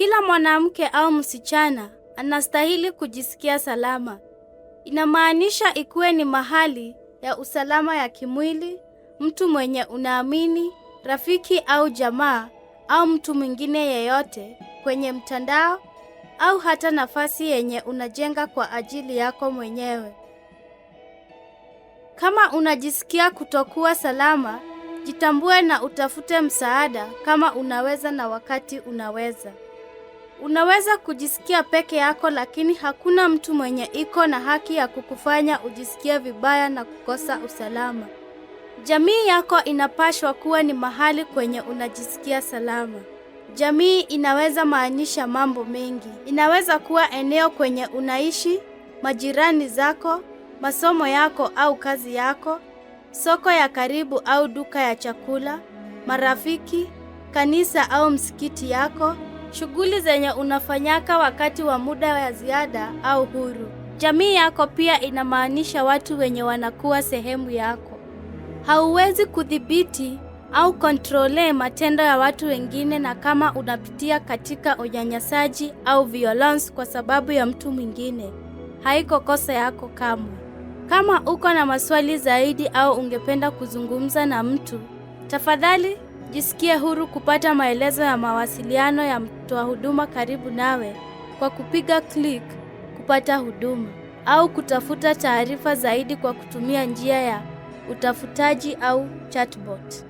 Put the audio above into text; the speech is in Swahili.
Kila mwanamke au msichana anastahili kujisikia salama. Inamaanisha ikuwe ni mahali ya usalama ya kimwili, mtu mwenye unaamini, rafiki au jamaa au mtu mwingine yeyote kwenye mtandao au hata nafasi yenye unajenga kwa ajili yako mwenyewe. Kama unajisikia kutokuwa salama, jitambue na utafute msaada kama unaweza na wakati unaweza. Unaweza kujisikia peke yako lakini hakuna mtu mwenye iko na haki ya kukufanya ujisikie vibaya na kukosa usalama. Jamii yako inapashwa kuwa ni mahali kwenye unajisikia salama. Jamii inaweza maanisha mambo mengi. Inaweza kuwa eneo kwenye unaishi, majirani zako, masomo yako au kazi yako, soko ya karibu au duka ya chakula, marafiki, kanisa au msikiti yako shughuli zenye unafanyaka wakati wa muda wa ziada au huru. Jamii yako pia inamaanisha watu wenye wanakuwa sehemu yako. Hauwezi kudhibiti au kontrole matendo ya watu wengine, na kama unapitia katika unyanyasaji au violence kwa sababu ya mtu mwingine, haiko kosa yako kamwe. Kama uko na maswali zaidi au ungependa kuzungumza na mtu, tafadhali Jisikie huru kupata maelezo ya mawasiliano ya mtoa huduma karibu nawe kwa kupiga click kupata huduma au kutafuta taarifa zaidi kwa kutumia njia ya utafutaji au chatbot.